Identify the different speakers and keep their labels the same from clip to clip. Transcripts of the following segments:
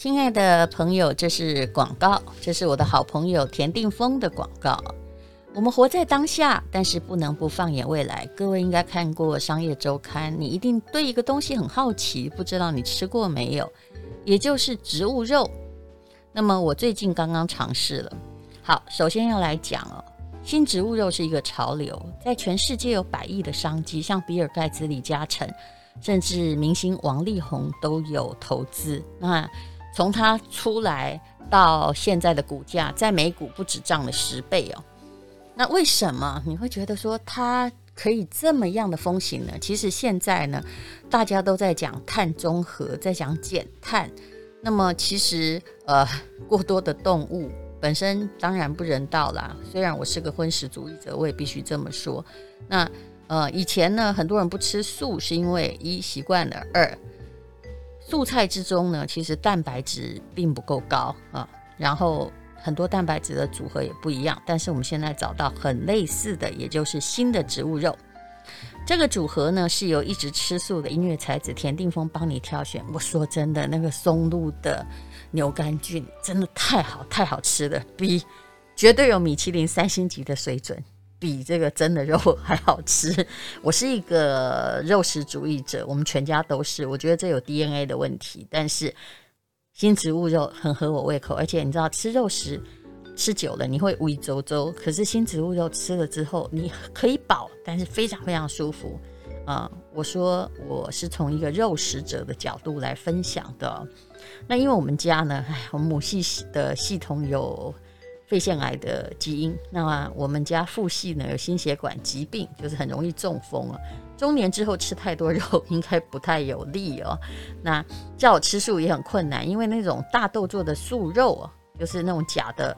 Speaker 1: 親愛的朋友，這是廣告，這是我的好朋友田定豐的廣告。我們活在當下，但是不能不放眼未來。各位應該看過《商業週刊》，你一定對一個東西很好奇，不知道你吃過沒有？也就是植物肉。那麼我最近剛剛嘗試了。好，首先要來講哦，新植物肉是一個潮流，在全世界有百億的商機，像比爾蓋茨、李嘉誠，甚至明星王力宏都有投資。那從它出來到現在的股價，在美股不止漲了十倍哦。那為什麼你會覺得說它可以這麼樣的風行呢？其實現在呢，大家都在講碳中和，在講減碳。那麼其實呃，過多的動物本身當然不人道啦。雖然我是個葷食主義者，我也必須這麼說。那呃，以前呢，很多人不吃素是因為一、習慣了，二，素菜之中呢，其實蛋白質並不夠高啊，然後很多蛋白質的組合也不一樣。但是我們現在找到很類似的，也就是新的植物肉。這個組合呢，是由一直吃素的音樂才子田定豐幫你挑選。我說真的，那個松露的牛肝菌真的太好太好吃了，比絕對有米其林三星級的水準。比這個真的肉還好吃。我是一個肉食主義者，我們全家都是。我覺得這有 DNA 的問題，但是新植物肉很合我胃口。而且你知道，吃肉食吃久了你會胃周周，可是新植物肉吃了之後，你可以飽，但是非常非常舒服。啊、嗯，我說我是從一個肉食者的角度來分享的。那因為我們家呢，哎，我母系的系統有。肺腺癌的基因。那麼我們家父系呢，有心血管疾病，就是很容易中風啊。中年之後吃太多肉應該不太有利哦。那叫我吃素也很困難，因為那種大豆做的素肉啊，就是那種假的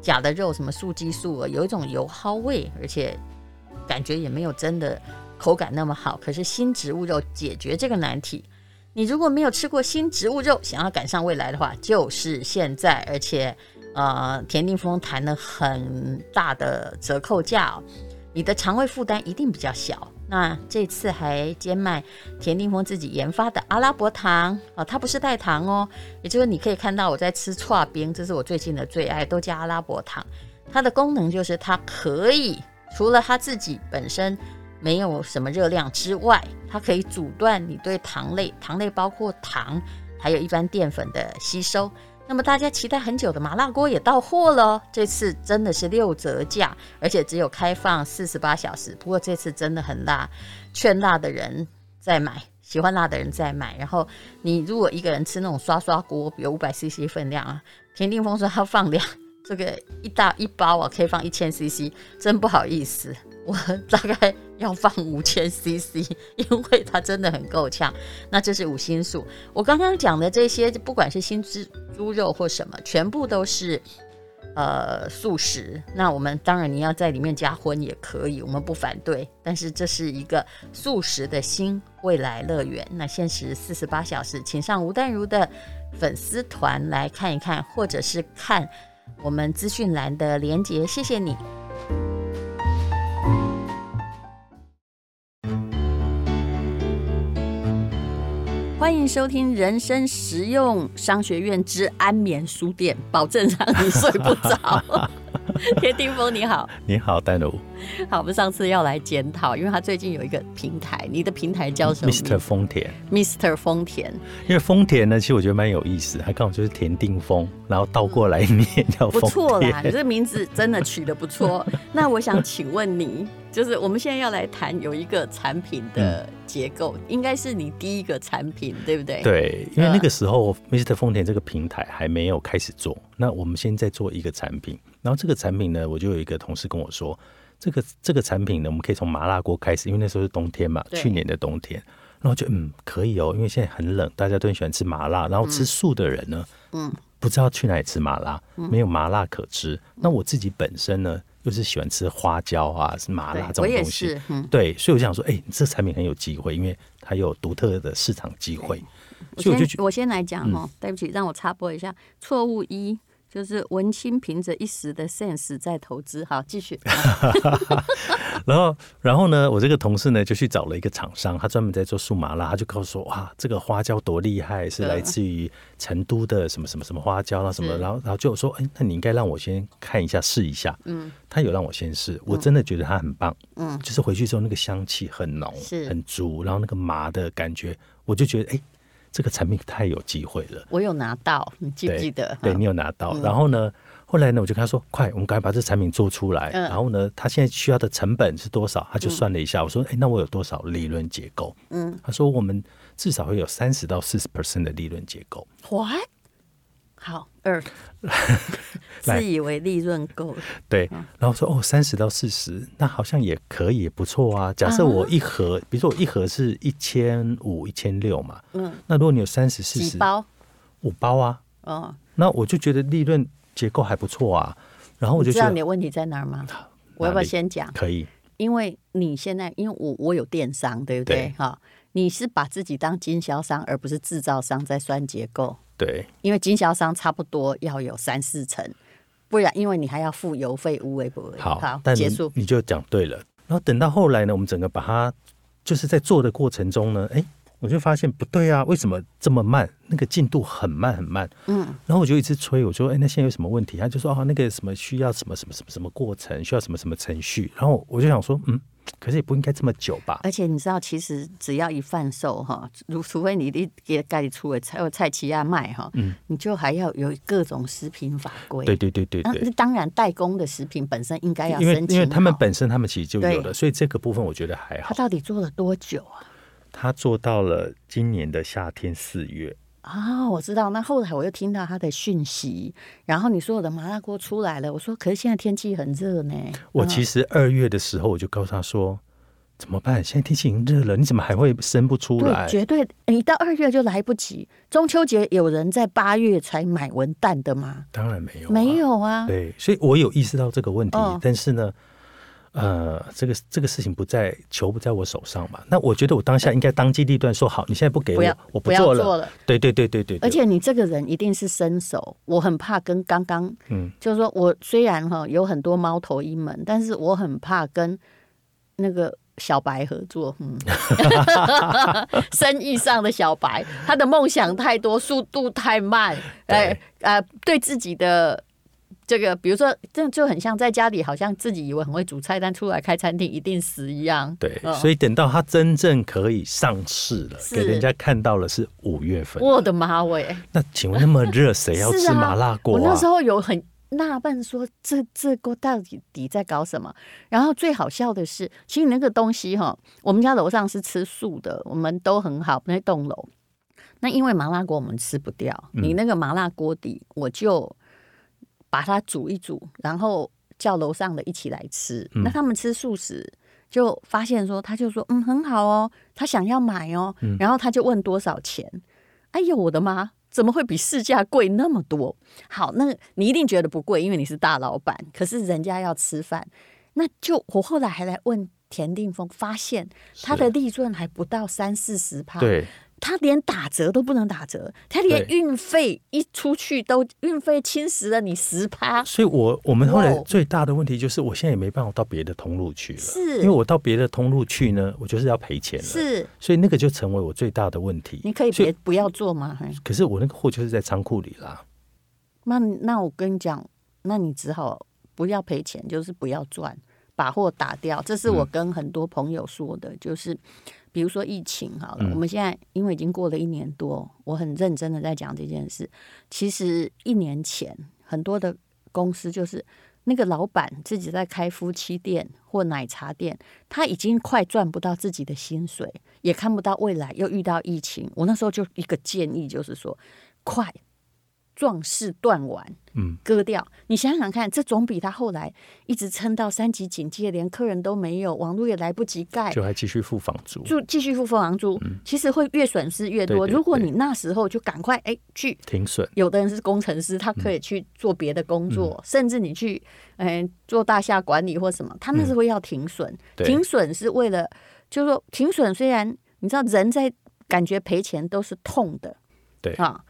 Speaker 1: 假的肉，什麼素雞素鵝啊，有一種油耗味，而且感覺也沒有真的口感那麼好。可是新植物肉解決這個難題。你如果沒有吃過新植物肉，想要趕上未來的話，就是現在，而且。呃，田定豐談了很大的折扣價，哦，你的腸胃負擔一定比較小。那這次還兼賣田定豐自己研發的阿拉伯糖啊，哦，它不是代糖哦。也就是你可以看到我在吃剉冰，這是我最近的最愛，都加阿拉伯糖。它的功能就是它可以除了它自己本身沒有什麼熱量之外，它可以阻斷你對糖類、糖類包括糖，還有一般澱粉的吸收。那麼大家期待很久的麻辣鍋也到貨了，這次真的是六折價，而且只有開放四十八小時。不過這次真的很辣，勸辣的人再買，喜歡辣的人再買。然後你如果一個人吃那種刷刷鍋，比如五百 CC 分量啊，田定豐說他放量。這個一大一包啊，可以放一千 CC，真不好意思，我大概要放五千 CC，因為它真的很夠嗆。那這是五星素，我剛剛講的這些，不管是新豬豬肉或什麼，全部都是呃素食。那我們當然你要在裡面加葷也可以，我們不反對。但是這是一個素食的新未來樂園。那限時四十八小時，請上吳淡如的粉絲團來看一看，或者是看。我們資訊欄的連結，謝謝你。歡迎收聽《人生實用商學院之安眠書店》，保證讓你睡不着。 田定豐，你好，
Speaker 2: 你好，淡如。
Speaker 1: 好，我們上次要來檢討，因為他最近有一個平台，你的平台叫什麼？Mr.
Speaker 2: 豐田。
Speaker 1: Mr. 豐田。
Speaker 2: 因為豐田呢，其實我覺得蠻有意思，他剛好就是田定豐，然後倒過來念、嗯、叫豐田。不錯啦，你這個
Speaker 1: 名字真的取得不錯。 那我想請問你，就是我們現在要來談有一個產品的結構，嗯、應該是你第一個產品，對不對？對，
Speaker 2: 因為那個時候 Mr. 豐田這個平台還沒有開始做，那我們現在做一個產品。然後這個產品呢，我就有一個同事跟我說，這個這個產品呢，我們可以從麻辣鍋開始，因為那時候是冬天嘛，對去年的冬天。然後就嗯可以哦，因為現在很冷，大家都喜歡吃麻辣。然後吃素的人呢，嗯，不知道去哪裡吃麻辣，嗯、沒有麻辣可吃。嗯、那我自己本身呢，又是喜歡吃花椒啊、麻辣這種東西，對，嗯、對，所以我就想說，哎、欸，這產品很有機會，因為它有獨特的市場機會。我先
Speaker 1: 我先來講哦，嗯、對不起，讓我插播一下，錯誤一。就是文青憑着一時的 sense 在投資，好繼續。
Speaker 2: 然後，然後呢，我這個同事呢就去找了一個廠商，他專門在做素麻辣啦。他就告訴我哇，這個花椒多厲害，是來自於成都的什麼什麼什麼花椒啦、啊，什麼然後是然後就我說，哎、欸，那你應該讓我先看一下試一下。嗯，他有讓我先試，我真的覺得他很棒。嗯，就是回去之後那個香氣很濃，是很足，然後那個麻的感覺，我就覺得哎。欸這個產品太有機會了，
Speaker 1: 我有拿到，你記不記得？對，對
Speaker 2: 你有拿到，好然後呢，嗯、後來呢，我就跟他說，快，我們趕快把這產品做出來。嗯、然後呢，他現在需要的成本是多少？他就算了一下，嗯、我說，哎，那我有多少利潤結構？嗯，他說，我們至少會有三十到四十%的利潤結構。
Speaker 1: What？好二，
Speaker 2: 自以
Speaker 1: 為利潤夠了
Speaker 2: 來對，然後說哦，三十到四十，那好像也可以，不錯啊。假設我一盒，啊、比如說我一盒是一千五、一千六嘛，嗯，那如果你有三十、四十包，五包啊，哦，那我就覺得利潤結構還不錯啊。然後我就覺得知道你
Speaker 1: 的問題在哪兒嗎？我要不要先講？可以，因為你現在因為我我有電商，對不對？哈對、哦，你是把自己當經銷商，而不是制造商，在算結構。對，因為經銷商差不多要有三四成，不然因為你還要付郵費、物流費，好，好但你結束
Speaker 2: 你就講對了。然後等到後來呢，我們整個把它就是在做的過程中呢，哎，我就發現不對啊，為什麼這麼慢？那個進度很慢很慢，嗯，然後我就一直催，我說，哎，那現在有什麼問題？他就說啊、哦，那個什麼需要什麼什麼什麼什麼過程，需要什麼什麼程序。然後我就想說，嗯。可是也不應該這麼久吧？而
Speaker 1: 且你知道，其實只要一販售哈，如除非你給家的給蓋出了菜菜奇亞賣哈，嗯，你就還要有各種食品法規。對
Speaker 2: 對對對對。啊，那
Speaker 1: 當然，代工的食品本身應該要因為因為他們
Speaker 2: 本身他們其實就有的，對所以這個部分我覺得還好。他到底做了多久啊？他做到了今年的夏天四月。
Speaker 1: 啊、哦，我知道。那後來我又聽到他的訊息，然後你說我的麻辣鍋出來了。我說，可是現在天氣很熱呢。我其
Speaker 2: 實二月的時候我就告訴他說，怎麼辦？現在天氣已經熱了，你怎麼還會生不出來？對，絕
Speaker 1: 對，你到二月就來不及。中秋節有人在八月才買文旦
Speaker 2: 的嗎？當然沒有。
Speaker 1: 啊，沒有啊。
Speaker 2: 對，所以我有意識到這個問題，哦，但是呢。呃，這個這個事情，不在球不在我手上嘛。那我覺得我當下應該當機立斷說、呃、好，你現在不給我，不要我不做了。要做了對對對對對，對。而且
Speaker 1: 你這個人一定是伸手，我很怕跟剛剛嗯，就是說我雖然哈、哦、有很多貓頭鷹們，但是我很怕跟那個小白合作，嗯，生意上的小白，他的夢想太多，速度太慢，哎，對呃，對自己的。這個，比如說，這就很像在家裡，好像自己以為很會煮菜，但出來開餐廳一定死一樣。對，嗯、所
Speaker 2: 以等到他真正可以上市了，是給人家看到了是五月份。我
Speaker 1: 的媽喂！
Speaker 2: 那請問那麼熱，誰要吃麻辣鍋、啊 啊、我那時候
Speaker 1: 有很納悶，說這這鍋到底底在搞什麼？然後最好笑的是，其實那個東西哈，我們家樓上是吃素的，我們都很好，那一棟樓。那因為麻辣鍋我們吃不掉，嗯、你那個麻辣鍋底我就把它煮一煮，然後叫樓上的一起來吃。嗯、那他們吃素食，就發現說，他就說，嗯，很好哦，他想要買哦，嗯、然後他就問多少錢。哎呦我的媽，怎麼會比市價貴那麼多？好，那你一定覺得不貴，因為你是大老板。可是人家要吃飯，那就我後來還來問田定豐，發現他的利潤還不到三四十趴。他連打折都不能打折，他連運費一出去都運費侵蝕了你十趴。
Speaker 2: 所以我，我我們後來最大的問題就是，我現在也沒辦法到別的通路去了，是因為我到別的通路去呢，我就是要賠錢了。是，所以那個就成為我最大的問題。你
Speaker 1: 可以別以不要做嗎？
Speaker 2: 可是我那個貨就是在倉庫裡啦。
Speaker 1: 那那我跟你講，那你只好不要賠錢，就是不要賺，把貨打掉。這是我跟很多朋友說的，嗯、就是。比如說疫情好了，我們現在因為已經過了一年多，我很認真的在講這件事。其實一年前，很多的公司就是那個老闆自己在開夫妻店或奶茶店，他已經快賺不到自己的薪水，也看不到未來。又遇到疫情，我那時候就一個建議就是說，快。壯士斷腕，嗯，割掉。你想想看，這總比他後來一直撐到三級警戒，連客人都沒有，網絡也來不及蓋，就還
Speaker 2: 繼續付房租，就
Speaker 1: 繼續付房租。嗯、其實會越損失越多。對對對，如果你那時候就趕快哎，去
Speaker 2: 停損，有
Speaker 1: 的人是工程師，他可以去做別的工作，嗯、甚至你去哎、呃、做大廈管理或什麼，他那時候要停損。嗯、停損是為了，就是說停損雖然你知道人在感覺賠錢都是痛的，對、啊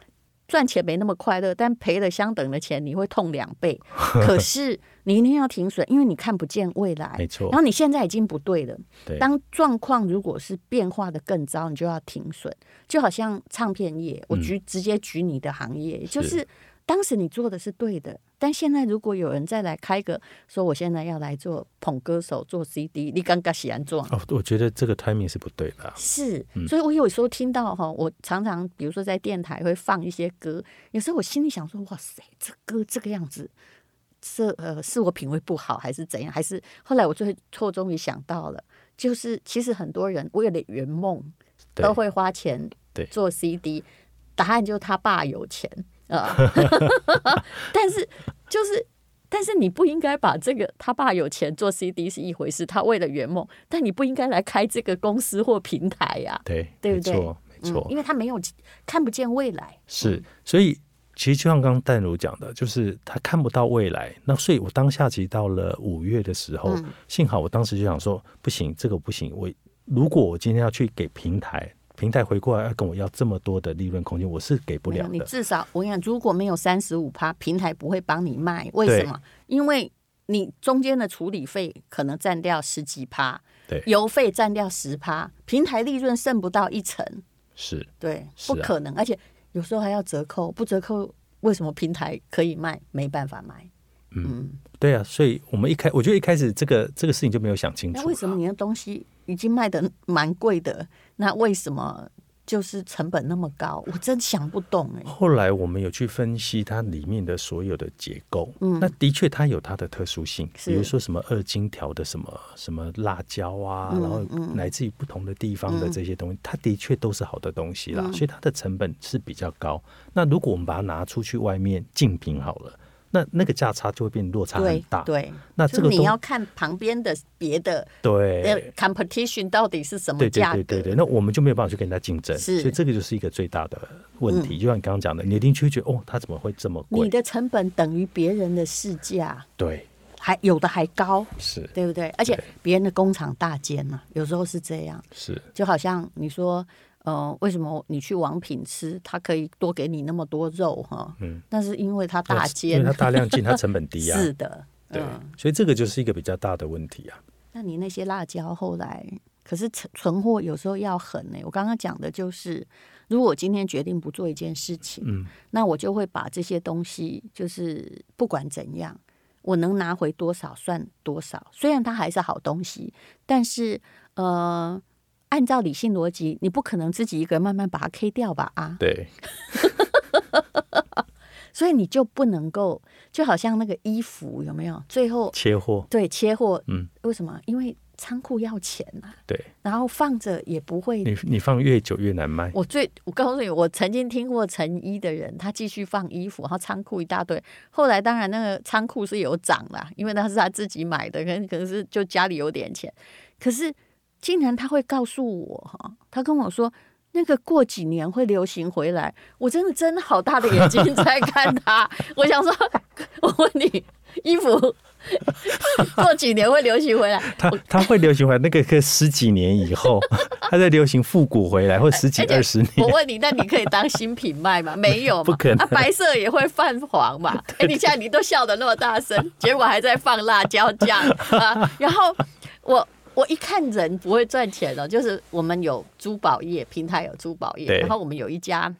Speaker 1: 賺錢沒那麼快樂，但賠了相等的錢，你會痛兩倍。 可是你一定要停損，因為你看不見未來。沒錯。然後你現在已經不對了。對。當狀況如果是變化的更糟，你就要停損。就好像唱片業，我舉直接舉你的行業，嗯、就是。是當時你做的是對的，但現在如果有人再來開個說，我現在要來做捧歌手、做 CD，你剛剛喜歡做？
Speaker 2: 我覺得這個 timing 是不對的、啊。是，
Speaker 1: 嗯、所以我有時候聽到哈，我常常比如說在電台會放一些歌，有時候我心裡想說，哇塞，這歌這個樣子，這呃，是我品味不好還是怎樣？還是後來我最後終於想到了，就是其實很多人為了圓夢都會花錢做 CD，對對，答案就是他爸有錢。啊！ 但是就是，但是你不應該把這個他爸有錢做 CD 是一回事，他為了圓夢，但你不應該來開這個公司或平台呀、啊？對，對，
Speaker 2: 不對，沒錯，沒錯，因
Speaker 1: 為他沒有看不見未來。嗯、
Speaker 2: 是，所以其實就像剛淡如講的，就是他看不到未來。那所以，我當下其實到了五月的時候，嗯、幸好我當時就想說，不行，這個不行。我如果我今天要去給平台。平台回過來要跟我要這麼多的利潤空間，我是給不了。你至
Speaker 1: 少我跟你講，如果沒有三十五趴，平台不會幫你賣。為什麼？對因為你中間的處理費可能占掉十幾趴，對，郵費占掉十趴，平台利潤剩不到一成，是對，是啊、不可能。而且有時候還要折扣，不折扣為什麼平台可以賣，沒辦法賣。嗯，
Speaker 2: 嗯對啊，所以我們一開始，我覺得一開始這個這個事情就沒有想清楚。那、
Speaker 1: 欸、為什麼你的東西？已經賣得蠻貴的，那為什麼就是成本那麼高？我真想不懂哎，欸。
Speaker 2: 後來我們有去分析它裡面的所有的結構，嗯，那的確它有它的特殊性，是比如說什麼二荊條的什麼什麼辣椒啊，嗯、然後來自於不同的地方的這些東西，嗯、它的確都是好的東西啦，嗯、所以它的成本是比較高。那如果我們把它拿出去外面競品好了。那那個價差就會變落差很大。對，對那這個你要
Speaker 1: 看旁邊的別的 competition 對 competition 到底是什麼價對，對
Speaker 2: 對對對，那我們就沒有辦法去跟人家競爭。是，所以這個就是一個最大的問題。嗯、就像你剛剛講的，你一定就覺哦，它怎麼會這麼貴？
Speaker 1: 你的成本等於別人的市價。對，還有的還高，是對不對？而且別人的工廠大間嘛、啊，有時候是這樣。是，就好像你說。哦，為什麼你去王品吃，他可以多給你那麼多肉哈？嗯，那是因為他大進，嗯、他大量進，他成本低啊。是的，嗯、對，
Speaker 2: 所以這個就是一個比較大的問題啊。
Speaker 1: 那你那些辣椒後來，可是存存貨有時候要狠呢、欸。我剛剛講的就是，如果我今天決定不做一件事情，嗯，那我就會把這些東西，就是不管怎樣，我能拿回多少算多少。雖然它還是好東西，但是，呃。按照理性邏輯，你不可能自己一個人慢慢把它 K 掉吧？啊，
Speaker 2: 對，
Speaker 1: 所以你就不能夠，就好像那個衣服有沒有最後切貨？對，切貨。嗯，為什麼？因為倉庫要錢嘛。對。然後放着也不會，你
Speaker 2: 你放越久越難賣。我
Speaker 1: 最我告訴你，我曾經聽過成衣的人，他繼續放衣服，然後倉庫一大堆。後來當然那個倉庫是有漲啦，因為那是他自己買的，可能可能是就家裡有點錢，可是。竟然，他會告訴我哈，他跟我說那個過幾年會流行回來，我真的睜好大的眼睛在看他。 我想說，我問你，衣服過幾年會流行回來？
Speaker 2: 他他會流行回來，那個可十幾年以後， 他在流行復古回來，或十幾二十年。我問
Speaker 1: 你，那你可以當新品賣嗎？沒有嘛，不可能，啊，白色也會泛黃嘛。哎，欸，你現在你都笑得那麼大聲， 結果還在放辣椒醬啊。然後我，我一看人不會賺錢了、哦，就是我們有珠寶業平台，有珠寶業，對然後我們有一家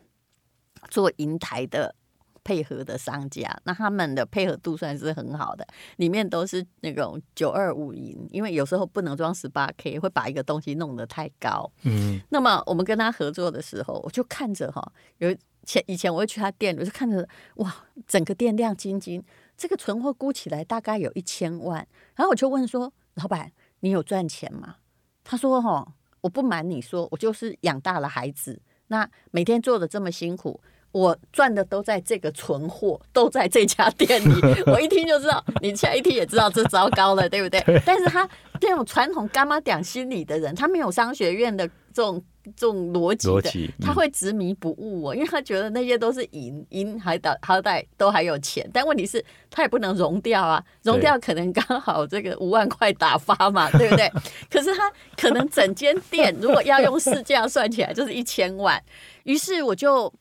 Speaker 1: 做銀台的配合的商家，那他們的配合度算是很好的，裡面都是那種九二五銀，因為有時候不能裝十八 K，會把一個東西弄得太高。嗯，那麼我們跟他合作的時候，我就看着哈、哦，有前以前我會去他店裡，我就看着哇，整個店亮晶晶，這個存貨估起來大概有一千萬，然後我就問說，老板。你有賺錢嗎？他說：“哦，我不瞞你說，我就是養大了孩子，那每天做的這麼辛苦，我賺的都在這個存貨，都在這家店裡。我一聽就知道，你下一聽也知道，這糟糕了，對不對？ 但是他這種傳統乾媽講心理的人，他沒有商學院的這種。”這種邏輯的，嗯、他會執迷不悟，喔、因為他覺得那些都是銀銀，還倒好歹都還有錢，但問題是他也不能融掉啊，融掉可能剛好這個五萬塊打發嘛，對，對不對？ 可是他可能整間店如果要用市價算起來就是一千萬，於是我就。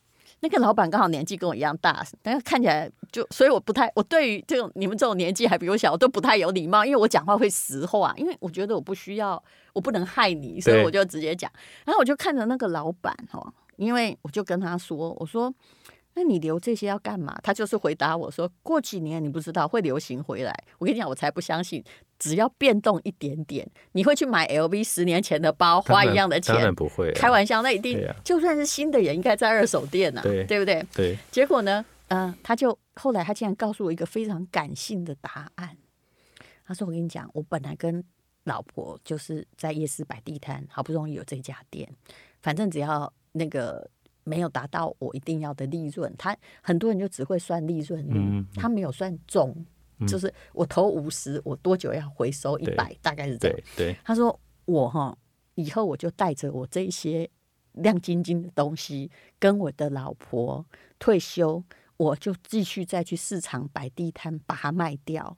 Speaker 1: 那個老闆剛好年紀跟我一樣大，但是看起來就，所以我不太，我對於這種你們這種年紀還比我小，我都不太有禮貌，因為我講話會實話，因為我覺得我不需要，我不能害你，所以我就直接講。對然後我就看着那個老闆吼，因為我就跟他說，我說：“那你留這些要幹嘛？”他就是回答我說：“過幾年你不知道會流行回來。”我跟你講，我才不相信。只要變動一點點，你會去買 LV 十年前的包，當然，花一樣的錢？當然不會、啊，開玩笑，那一定、啊、就算是新的，也應該在二手店吶、啊，對，對不對？對。結果呢，嗯、呃，他就後來他竟然告訴我一個非常感性的答案，他說：“我跟你講，我本來跟老婆就是在夜市擺地攤，好不容易有這家店，反正只要那個沒有達到我一定要的利潤，他很多人就只會算利潤，嗯，嗯他沒有算重。’就是我投五十，我多久要回收一百對？大概是這樣。對，對他說我哈，以後我就帶着我這些亮晶晶的東西，跟我的老婆退休，我就繼續再去市場擺地攤把它賣掉。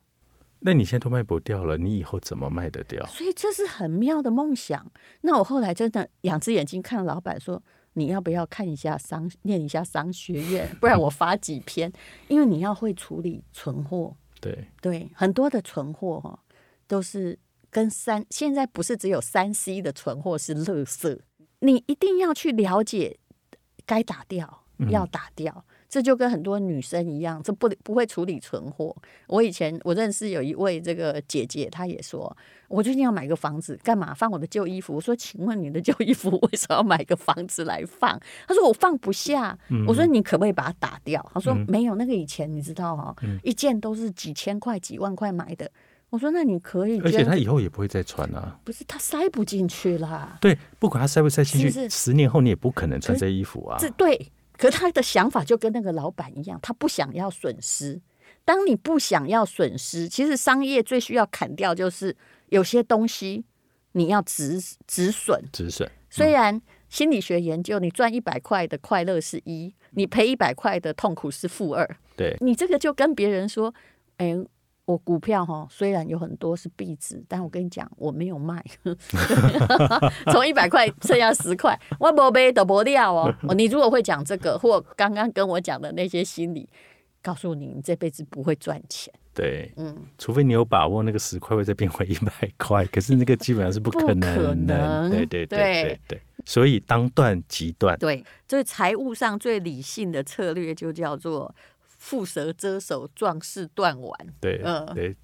Speaker 2: 那你現在都賣不掉了，你以後怎麼賣得掉？所以
Speaker 1: 這是很妙的夢想。那我後來真的兩只眼睛看老闆說，你要不要看一下商，念一下商學院？不然我發幾篇， 因為你要會處理存貨。對對，很多的存貨哦，都是跟三，現在不是只有三 C 的存貨是垃圾，你一定要去了解，該打掉要打掉。嗯這就跟很多女生一樣，這不不會處理存貨。我以前我認識有一位這個姐姐，她也說，我最近要買個房子，幹嘛放我的舊衣服？我說，請問你的舊衣服為什麼要買個房子來放？她說我放不下。嗯、我說你可不可以把它打掉？她說、嗯、沒有，那個以前你知道哈、哦、嗯、一件都是幾千塊、幾萬塊買的。我說那你可以，而且她以後
Speaker 2: 也不會再穿啊。
Speaker 1: 不是她塞不進去啦，
Speaker 2: 對，不管她塞不塞進去，是是十年後你也不可能穿可是這衣服啊。這
Speaker 1: 對。可他的想法就跟那個老闆一樣，他不想要損失。當你不想要損失，其實商業最需要砍掉就是有些東西，你要止止損。止損。止嗯、雖然心理學研究，你賺一百塊的快樂是一，你賠一百塊的痛苦是負二。2, 對。你這個就跟別人說，哎、欸。我股票哈、喔，雖然有很多是壁紙，但我跟你講，我沒有賣，從一百塊剩下十塊，萬寶杯都不料哦。你如果會講這個，或剛剛跟我講的那些心理，告訴你，你這輩子不會賺錢。
Speaker 2: 對，嗯，除非你有把握那個十塊會再變回一百塊，可是那個基本上是不可能，可能對對對對對。對，所以當斷即斷。
Speaker 1: 對，所以財務上最理性的策略就叫做。覆舌遮手，壯士斷腕。對，嗯、呃，對，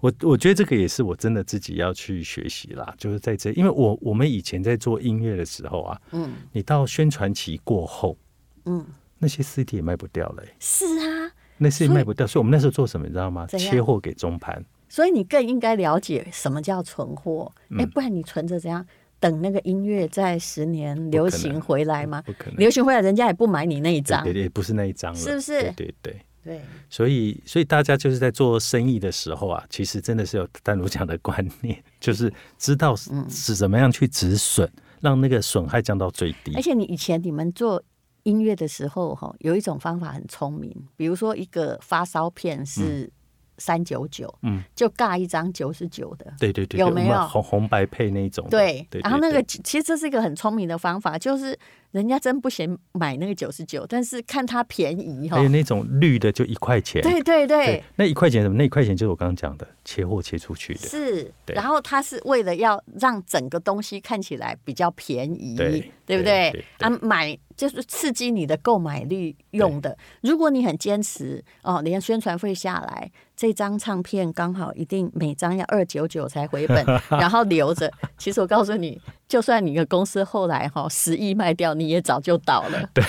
Speaker 2: 我我覺得這個也是我真的自己要去學習啦。就是在這，因為我我們以前在做音樂的時候啊，嗯，你到宣傳期過後，嗯，那些實體也賣不掉了、欸。是啊，那些賣不掉，所以,所以我們那時候做什麼，你知道嗎？怎樣？切貨給中盤。
Speaker 1: 所以你更應該了解什麼叫存貨，哎、嗯，欸、不然你存着怎樣？等、嗯、那個音樂再十年流行回來嗎？不可能，可能流行回來人家也不買你那一張，也
Speaker 2: 不是那一張了，是不是？對對對，對對，所以所以大家就是在做生意的時候啊，其實真的是有淡如講的觀念，就是知道是怎麼樣去止損，嗯、讓那個損害降到最低。
Speaker 1: 而且你以前你們做音樂的時候哈，有一種方法很聰明，比如說一個發燒片是、嗯。三九九，嗯，就尬一張九十九的，
Speaker 2: 對對對，有沒有紅紅白配那種？對，然後那個
Speaker 1: 其實這是一個很聰明的方法，就是人家真不嫌買那個九十九，但是看它便宜哈。還有那
Speaker 2: 種綠的就一塊錢，對對對，那一塊錢什麼？那一塊錢就是我剛剛講的切貨切出去的，是。
Speaker 1: 對，然後它是為了要讓整個東西看起來比較便宜，對不對？啊，買就是刺激你的購買率用的。如果你很堅持哦，你看宣傳費下來。這張唱片剛好一定每張要二九九才回本，然後留着。其實我告訴你，就算你的公司後來哈十億賣掉，你也早就倒了。對，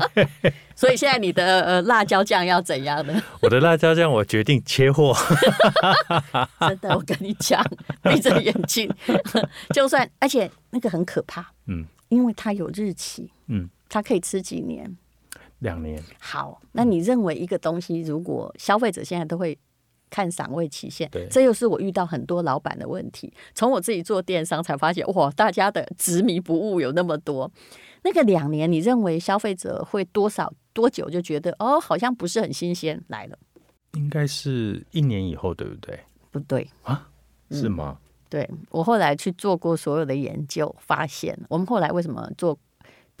Speaker 1: 所以現在你的、呃、辣椒醬要怎樣呢？
Speaker 2: 我的辣椒醬我決定切貨。 真
Speaker 1: 的，我跟你講，閉着眼睛， 就算而且那個很可怕，嗯，因為它有日期，嗯，它可以吃幾年。兩年，好，那你認為一個東西，嗯、如果消費者現在都會看賞味期限，對，這又是我遇到很多老板的問題。從我自己做電商才發現，哇，大家的執迷不悟有那麼多。那個兩年，你認為消費者會多少多久就覺得哦，好像不是很新鮮來了？
Speaker 2: 應該是一年以後，對不對？不對啊，嗯、是嗎？
Speaker 1: 對，我後來去做過所有的研究，發現我們後來為什麼做？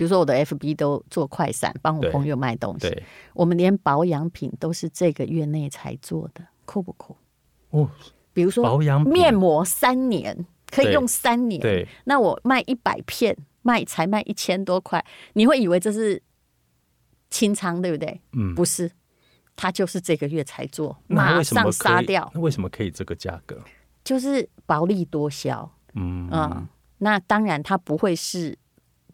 Speaker 1: 比如說我的 FB 都做快閃，幫我朋友賣東西。對，我們連保養品都是這個月內才做的，酷不酷？哦，比如說保養品面膜，三年可以用三年。那我賣一百片，賣才賣一千多塊，你會以為這是清倉，對不對？嗯，不是，他就是這個月才做，馬上殺掉。
Speaker 2: 那為什麼可以這個價格？
Speaker 1: 就是薄利多銷。嗯嗯，那當然他不會是。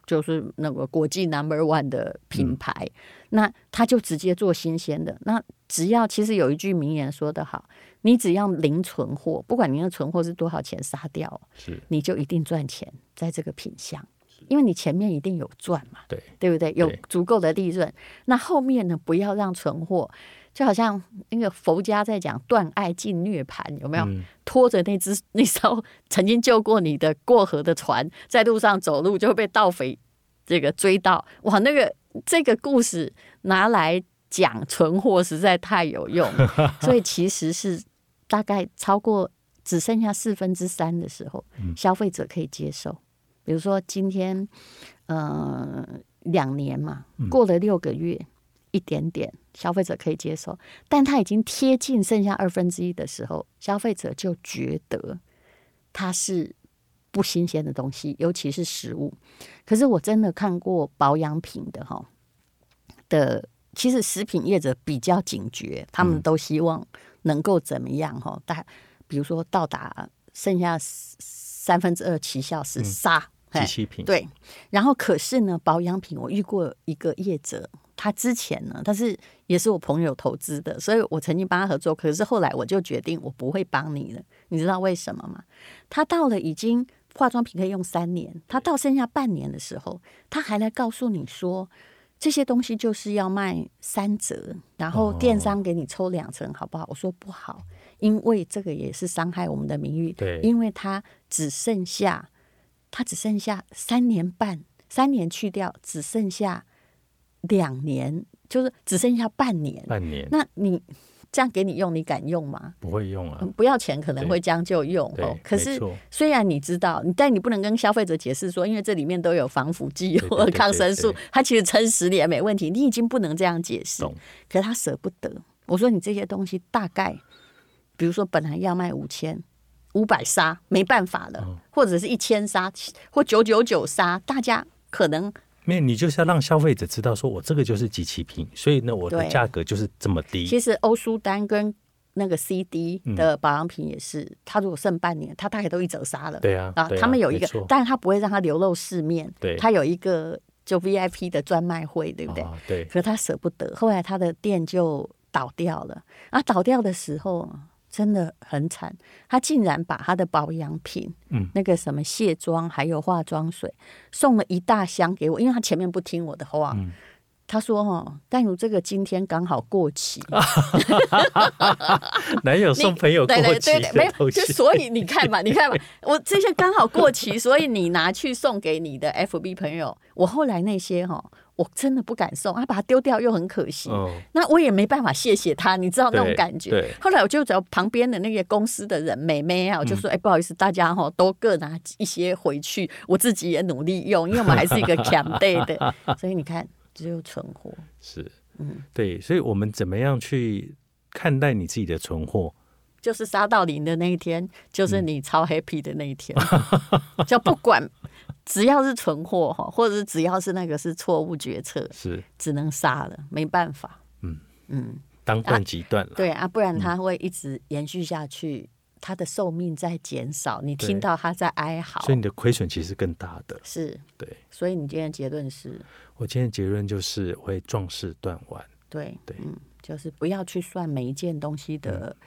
Speaker 1: 就是那個國際 number one 的品牌，嗯、那他就直接做新鮮的。那只要其實有一句名言說得好，你只要零存貨，不管你的存貨是多少錢殺掉，是 你就一定賺錢。在這個品相，是 因為你前面一定有賺嘛，對是 對不對？有足夠的利潤，對 那後面呢？不要讓存貨。就好像那個佛家在講斷愛盡涅槃，有沒有拖着那只那艘曾經救過你的過河的船，在路上走路就會被盜匪這個追到。哇，那個這個故事拿來講存貨實在太有用， 所以其實是大概超過只剩下四分之三的時候，消費者可以接受。比如說今天呃兩年嘛，過了六個月。一點點消費者可以接受，但它已經貼近剩下二分之一的時候，消費者就覺得它是不新鮮的東西，尤其是食物。可是我真的看過保養品的哈的，其實食品業者比較警覺，他們都希望能夠怎麼樣哈？但比如說到達剩下三分之二，奇效是殺。嗯機器品，對，然後可是呢，保養品我遇過一個業者，他之前呢，但是也是我朋友投資的，所以我曾經幫他合作，可是後來我就決定我不會幫你了。你知道為什麼嗎？他到了已經化妝品可以用三年，他到剩下半年的時候，他還來告訴你說這些東西就是要賣三折，然後電商給你抽兩成，哦、好不好？我說不好，因為這個也是傷害我們的名譽。對，因為他只剩下。它只剩下三年半，三年去掉只剩下兩年，就是只剩下半年。半年，那你這樣給你用，你敢用嗎？
Speaker 2: 不會用啊、嗯，
Speaker 1: 不要錢可能會將就用。哦。可是沒錯，雖然你知道，但你不能跟消費者解釋說，因為這裡面都有防腐劑或抗生素，對對對對，它其實撐十年沒問題。你已經不能這樣解釋。懂。可是他捨不得。我說你這些東西大概，比如說本來要賣五千。五百殺沒辦法了，嗯、或者是一千殺，或九九九殺，大家可能
Speaker 2: 沒有。你就是要讓消費者知道，說我這個就是即期品，所以呢，我的價格就是這麼低。其
Speaker 1: 實歐舒丹跟那個 CD 的保養品也是，嗯、它如果剩半年，它大概都一折殺了對、啊。對啊，啊，他們有一個，錯但是他不會讓它流露市面。對，他有一個就 VIP 的專賣會，對不對？啊、對，可是他舍不得，後來他的店就倒掉了。啊，倒掉的時候。真的很慘，他竟然把他的保養品，嗯、那個什麼卸妝還有化妝水，送了一大箱給我，因為他前面不聽我的話，嗯、他說哦，但有這個今天剛好過期，
Speaker 2: 男友 送朋友過期 對對對對，沒有就所以你看嘛，你看嘛，
Speaker 1: 我這些剛好過期， 所以你拿去送給你的 FB 朋友，我後來那些哦。我真的不敢送啊，把它丟掉又很可惜。哦、那我也沒辦法，謝謝他，你知道那種感覺。後來我就找旁邊的那個公司的人，妹妹啊，我就說：“哎、嗯欸，不好意思，大家哈都各拿一些回去，我自己也努力用，因為我們還是一個強隊的， 所以你看只有存貨。”
Speaker 2: 是，嗯，對，所以我們怎麼樣去看待你自己的存貨？
Speaker 1: 就是殺到零的那一天，就是你超 happy 的那一天，嗯、 就不管。只要是存貨哈，或者是只要是那個是錯誤決策，是只能殺了，沒辦法。嗯
Speaker 2: 嗯，嗯當斷即斷了，啊對
Speaker 1: 啊，不然它會一直延續下去，它、嗯、的壽命在減少，你聽到它在哀嚎，
Speaker 2: 所以你的虧損其實更大的。嗯、是，
Speaker 1: 對。所以你今天的結論是，
Speaker 2: 我今天的結論就是會壯士斷腕。對
Speaker 1: 對，對嗯，就是不要去算每一件東西的。嗯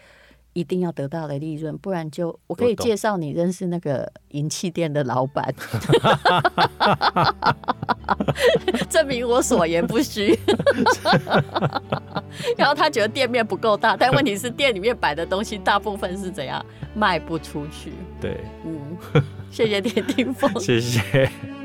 Speaker 1: 一定要得到的利潤，不然就我可以介紹你認識那個銀器店的老板，我懂 證明我所言不虛。 然後他覺得店面不夠大，但問題是店裡面擺的東西大部分是怎樣賣不出去。
Speaker 2: 對，嗯，
Speaker 1: 謝謝田定豐，謝謝。